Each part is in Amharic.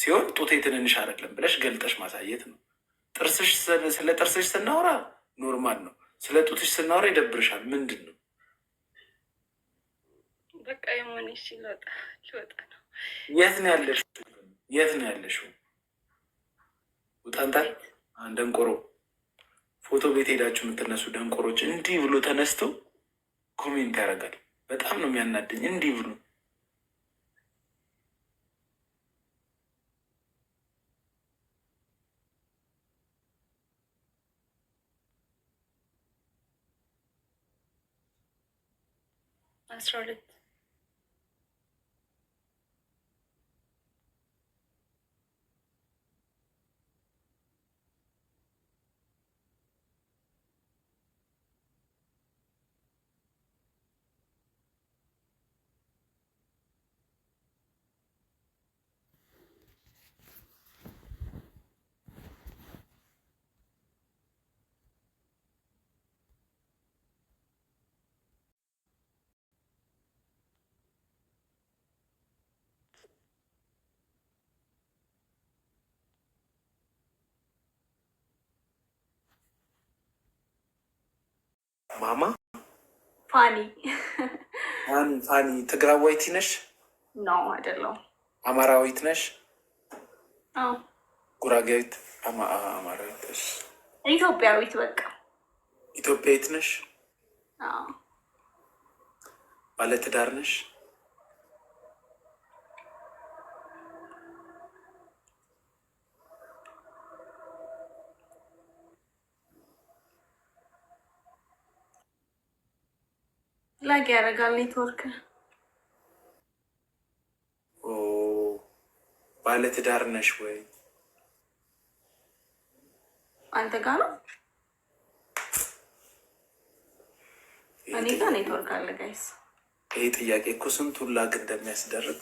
ሲሆን ጡቴ ትንንሽ አይደለም ብለሽ ገልጠሽ ማሳየት ነው። ጥርስሽ ስለ ጥርስሽ ስናወራ ኖርማል ነው። ስለ ጡትሽ ስናወራ ይደብርሻል። ምንድን ነው በቃ የሆነ ሊወጣ ሊወጣ ነው። የት ነው ያለሽ? የት ነው ያለሽ? ውጣንታል ደንቆሮ ፎቶ ቤት ሄዳችሁ የምትነሱ ደንቆሮች እንዲህ ብሎ ተነስቶ ኮሜንት ያደርጋል። በጣም ነው የሚያናደኝ እንዲህ ብሎ Started. ማማ ፋኒ ፋኒ ፋኒ ትግራዋይት ነሽ? ኖ አይደለሁም። አማራዊት ነሽ? ጉራጌዊት? አማራዊት ነሽ? ኢትዮጵያዊት በቃ ኢትዮጵያዊት ነሽ? ባለትዳር ነሽ? ላግ ያደርጋል ኔትወርክ። ባለ ትዳር ነሽ ወይ? አንተ ጋር ነው እኔ ጋር ኔትወርክ አለ ጋይስ። ይህ ጥያቄ እኮ ስንቱን ላግ እንደሚያስደርግ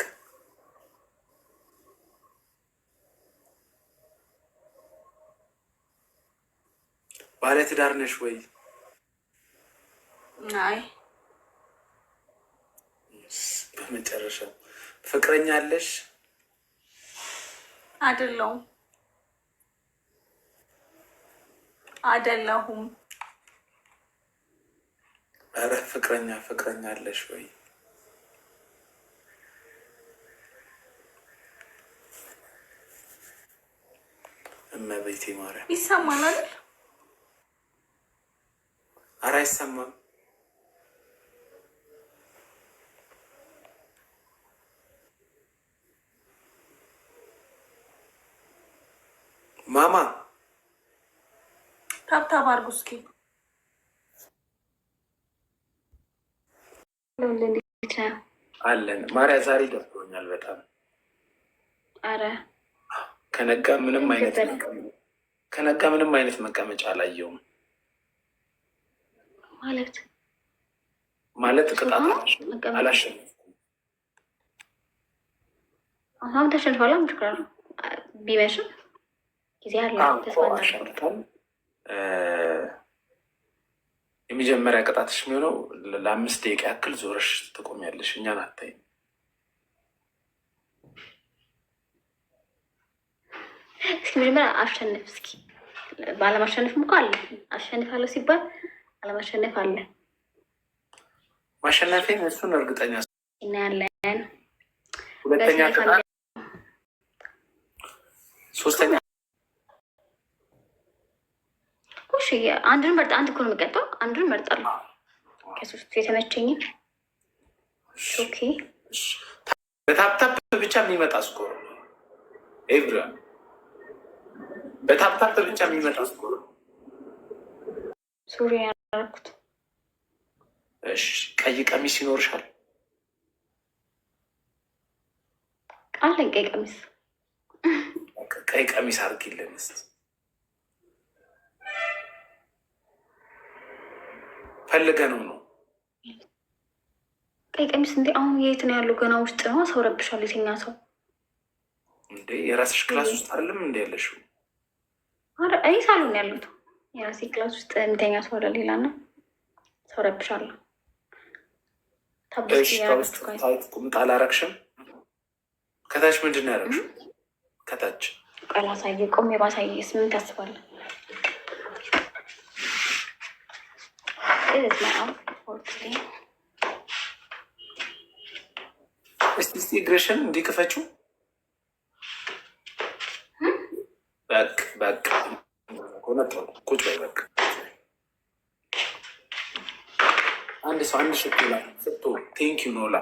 ባለ ትዳር ነሽ ወይ? አይ በመጨረሻው ፍቅረኛ አለሽ? አይደለሁም አይደለሁም። ኧረ ፍቅረኛ ፍቅረኛ አለሽ ወይ? እመቤቴ ማርያም ይሰማል አይደል? ኧረ አይሰማም። ማማ ታብታብ አድርጉ እስኪ። አለን ማርያ ዛሬ ደብሮኛል በጣም አረ ከነጋ ምንም አይነት ከነጋ ምንም አይነት መቀመጫ አላየውም። ማለት ማለት ቅጣት አላሸነፍኩም። አሁን ቢመሽም ጊዜ የመጀመሪያ ቅጣትሽ የሚሆነው ለአምስት ደቂቃ ያክል ዞረሽ ትቆሚያለሽ። እኛን አታይም። እስኪ መጀመሪያ አሸንፍ። እስኪ ባለማሸነፍም እኮ አለ አሸንፍ ሲባል አለማሸነፍ አለ። እሱን እርግጠኛ እናያለን። ሁለተኛ ቅጣት ሶስተኛ አንዱን መርጣ አንድ እኮ ነው የምቀጣው። አንድን መርጣለሁ ከሶስቱ የተመቸኝን። ኦኬ በታፕታፕ ብቻ የሚመጣ ስኮር ኤቭሪ በታፕታፕ ብቻ የሚመጣ ስኮር ሱሪ ያደረኩት። እሺ ቀይ ቀሚስ ይኖርሻል? አለኝ ቀይ ቀሚስ ቀይ ቀሚስ አድርጊልን እስኪ ፈልገ ነው ነው ቀይ እንዴ! አሁን የት ነው ያለው? ገና ውስጥ ነው። ሰው ረብሻል። የትኛ ሰው እንዴ? የራስሽ ክላስ ውስጥ አይደለም እንዴ ያለሽው? አረ እኔ ሳሎን ያሉት የራሴ ክላስ ውስጥ የሚተኛ ሰው አለ። ሌላ ነው ሰው ረብሻል። ታብስታይት ቁምጣ አላረግሽም? ከታች ምንድን ነው ያረግሽው? ከታች ቀላሳየ ቆሜ ባሳየ ስምንት ያስባለን እስቲ እግርሽን እንዲክፈችው በቃ hmm? በቃ ቁጭ በይ በቃ አንድ ሰው አንድ ሽቶ ላ ሽቶ ቴንኪው ኖላ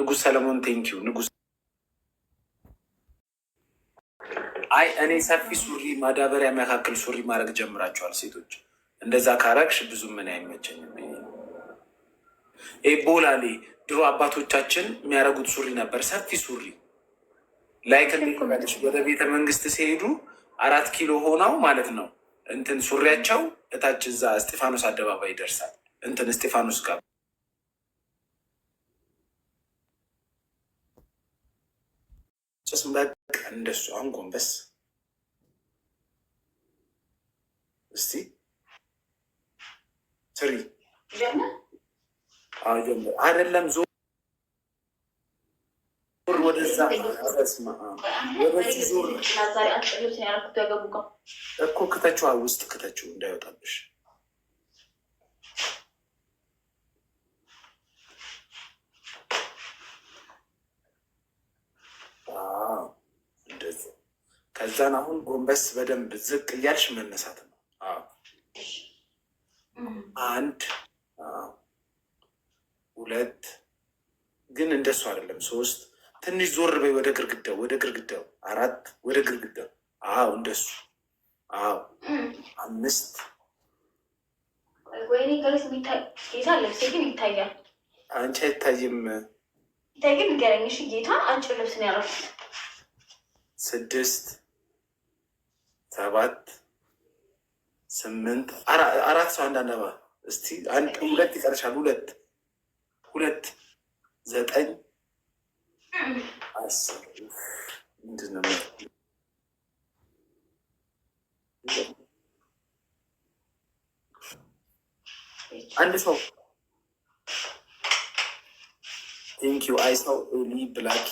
ንጉስ ሰለሞን ቴንኪው ንጉስ አይ እኔ ሰፊ ሱሪ ማዳበሪያ መካከል ሱሪ ማድረግ ጀምራችኋል ሴቶች እንደዛ ካረግሽ ብዙ ምን አይመቸኝም። ይሄ ቦላሌ ድሮ አባቶቻችን የሚያደርጉት ሱሪ ነበር፣ ሰፊ ሱሪ ላይ ወደ ቤተ መንግስት ሲሄዱ አራት ኪሎ ሆነው ማለት ነው እንትን ሱሪያቸው እታች እዛ እስጢፋኖስ አደባባይ ይደርሳል። እንትን እስጢፋኖስ ጋር ጭስም በቃ እንደሱ አሁን ጎንበስ እስቲ ትሪ አይደለም ዞር ወደዛ ስማ ወደዚህ ዞር እኮ ክተችው ውስጥ ክተችው እንዳይወጣብሽ ከዛን አሁን ጎንበስ በደንብ ዝቅ እያልሽ መነሳት ነው አንድ ሁለት ግን እንደሱ አይደለም። ሶስት ትንሽ ዞር በይ ወደ ግርግዳው ወደ ግርግዳው አራት ወደ ግርግዳው አዎ፣ እንደሱ አዎ፣ አምስት ወይኔ ገለስ ጌታ ልብሴ ግን ይታያል። አንቺ አይታይም። ጌታ አጭር ልብስ ነው ያደረኩት። ስድስት ሰባት ስምንት አራት ሰው አንዳንድ አባ እስቲ አንድ ሁለት ይቀርሻል። ሁለት ሁለት ዘጠኝ አስር ምንድን ነው አንድ ሰው ቴንክ ዩ አይ ሰው ሊ ብላክ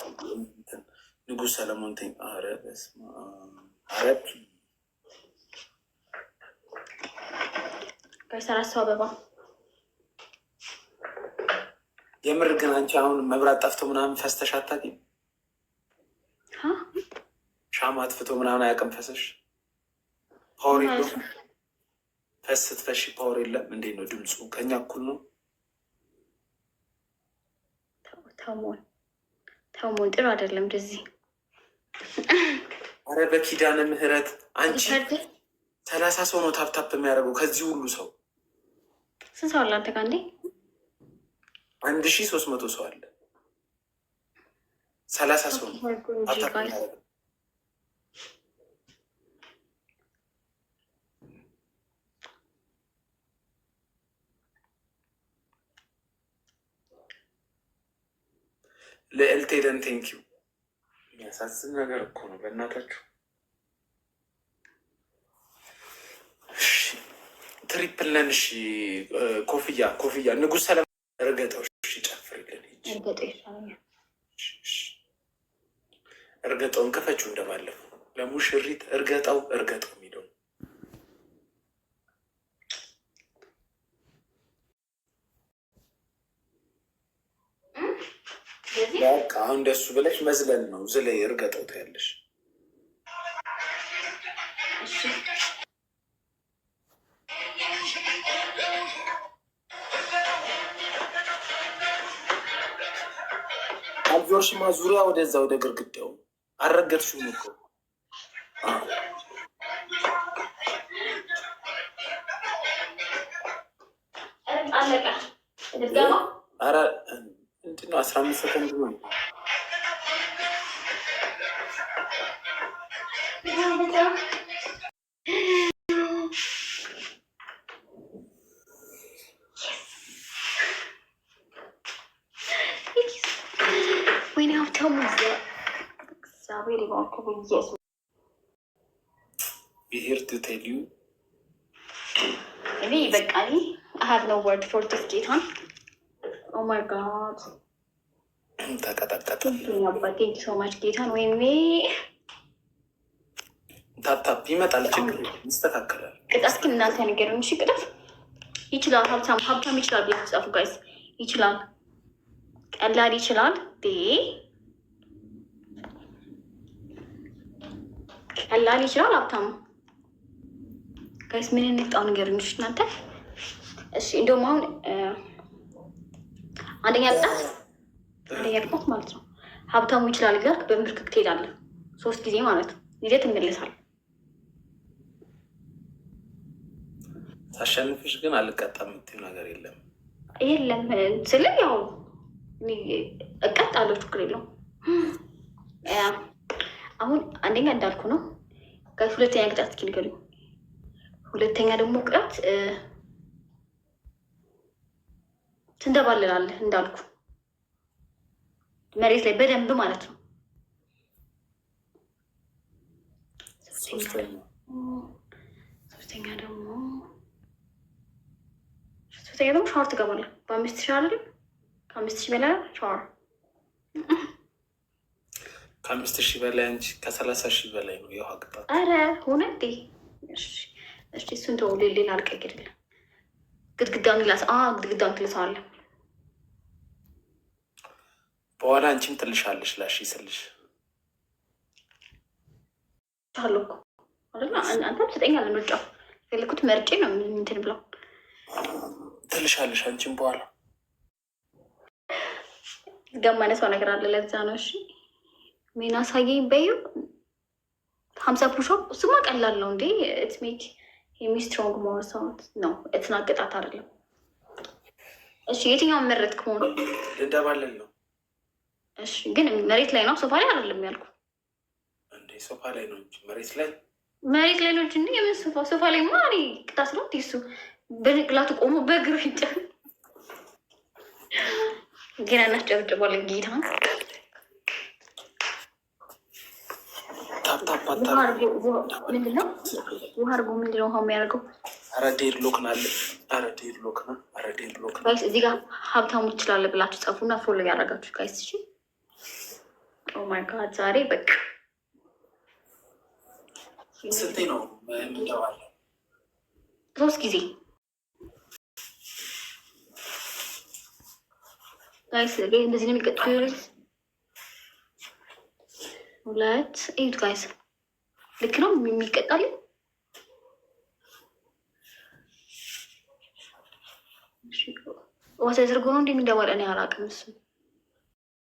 ንጉሥ ሰለሞን ቴንክ ኧረ በስመ አብ ከሰራት አበባ የምር ግን አንቺ አሁን መብራት ጠፍቶ ምናምን ፈስተሽ አታውቂም? ሻማ አጥፍቶ ምናምን አያውቅም ፈሰሽ? ፓወር የለም ፈስ ስትፈሺ ፓወር የለም። እንዴት ነው ድምፁ? ከኛ እኩል ነው። ተሞን ተሞን ጥሩ አይደለም እንደዚህ። አረ በኪዳነ ምህረት አንቺ ሰላሳ ሰው ነው ታፕታፕ የሚያደርገው ከዚህ ሁሉ ሰው ስንት ሰው አለ አንተ ጋር? እንዴ አንድ ሺ ሶስት መቶ ሰው አለ። ሰላሳ ሰው ነው ልዕልቴ oh ደን ቴንኪው። የሚያሳዝን ነገር እኮ ነው በእናታችሁ ትሪፕል ነን። እሺ ኮፍያ ኮፍያ ንጉስ ሰለማ እርገጠው ይጨፍርልን። እርገጠውን ክፈችው እንደባለፈው ለሙሽሪት እርገጠው እርገጠው የሚለው በቃ አሁን እንደሱ ብለሽ መዝለን ነው። ዝለይ እርገጠው ታያለሽ ዞርሽማ ዙሪያ ወደዛ ወደ ግርግዳው አልረገጥሽውም እኮ ነው አስራ አምስት ሰከንድ ነው ወይኔ ሀብታሙ እግዚአብሔር ይባርክ ብዬሽ ብሄር ትተሊው እኔ በቃ እኔ ሀብ ነው ወርድ ፎር ዲስ ጌታ ኦ ማይ ጋድ ተቀጠቀጠ ሶማች ጌታን ወይኔ ታፕታፕ ይመጣል፣ ችግር ይስተካከላል። ቅጣት ግን እናንተ ነገሩን እሺ፣ ቅጣት ይችላል። ሀብታም ሀብታም ይችላል። ቤተጻፉ ጋይስ ይችላል፣ ቀላል ይችላል። ቀላል ይችላል ሀብታሙ ጋይስ ምን እንጣው ንገሩኞች እናንተ። እሺ እንደውም አሁን አንደኛ ቅጣት አንደኛ ቅጣት ማለት ነው ሀብታሙ ይችላል ጋር በምልክት ትሄዳለህ ሶስት ጊዜ ማለት ነው። ጊዜ ትመለሳል። ታሸንፍሽ ግን አልቀጣም የምትይው ነገር የለም የለም ስልም ያው አለው ችግር የለው። አሁን አንደኛ እንዳልኩ ነው። ሁለተኛ ቅጣት ኪልገሉ ሁለተኛ ደግሞ ቅጣት ትንደባልላለህ እንዳልኩ መሬት ላይ በደንብ ማለት ነው። ሶስተኛ ደግሞ ሶስተኛ ደግሞ ሻወር ትገባለህ በአምስት ሻ ከአምስት ሺህ በላይ ሻወር ከአምስት ሺህ በላይ እንጂ ከሰላሳ ሺህ በላይ ነው የውሃ ቅጣት። አረ ሆነ እሺ እሱን ተው፣ ሌሌን አልቀይርልም። ግድግዳን ግላስ ግድግዳውን ትልሰዋለህ በኋላ አንቺም ትልሻለሽ። ላሽ ስልሽ አለ እኮ አንተም ትሰጠኛለህ። ምርጫ የፈለኩት መርጬ ነው። ምንትን ብለው ትልሻለሽ አንቺም በኋላ ደማነሰው ነገር አለ። ለዛ ነው እሺ ሜና አሳየኝ በዩ ሀምሳ ፑሻፕ ስማ ቀላል ነው እንዴ ትሜክ የሚስትሮንግ መሆን ሰውት ነው እትናገጣት አይደለም። እሺ የትኛውን መረጥክ? መሆኑ ደባለል ነው። እሺ ግን መሬት ላይ ነው ሶፋ ላይ አይደለም ያልኩ እንዴ ሶፋ ላይ ነው እንጂ መሬት ላይ መሬት ላይ ነው እንጂ የምን ሶፋ ሶፋ ላይ ማ ቅጣት ነው ሱ በንቅላቱ ቆሞ በእግሩ ይጫ ግን አናስጨብጭቧል ጌታ ውሃ አድርጎ ምንድን ነው ውሃ የሚያደርገው? ኧረ ዴድሎክ ናለ ኧረ ዴድሎክ ና ኧረ ዴድሎክ ና። እዚህ ጋር ሀብታሙ ትችላለ ብላችሁ ጻፉና ፎሎ ያደረጋችሁ ጋይስ። እሺ ኦ ማይ ጋድ ዛሬ በቃ ስንቴ ነው ምንደዋለ ሶስት ጊዜ ጋይስ እንደዚህ ነው የሚቀጥለው። ዩሬት ሁለት እዩት ጋይስ፣ ልክ ነው የሚቀጣል። ወተት እርጎ ነው እንደሚደባለ እኔ አላውቅም እሱ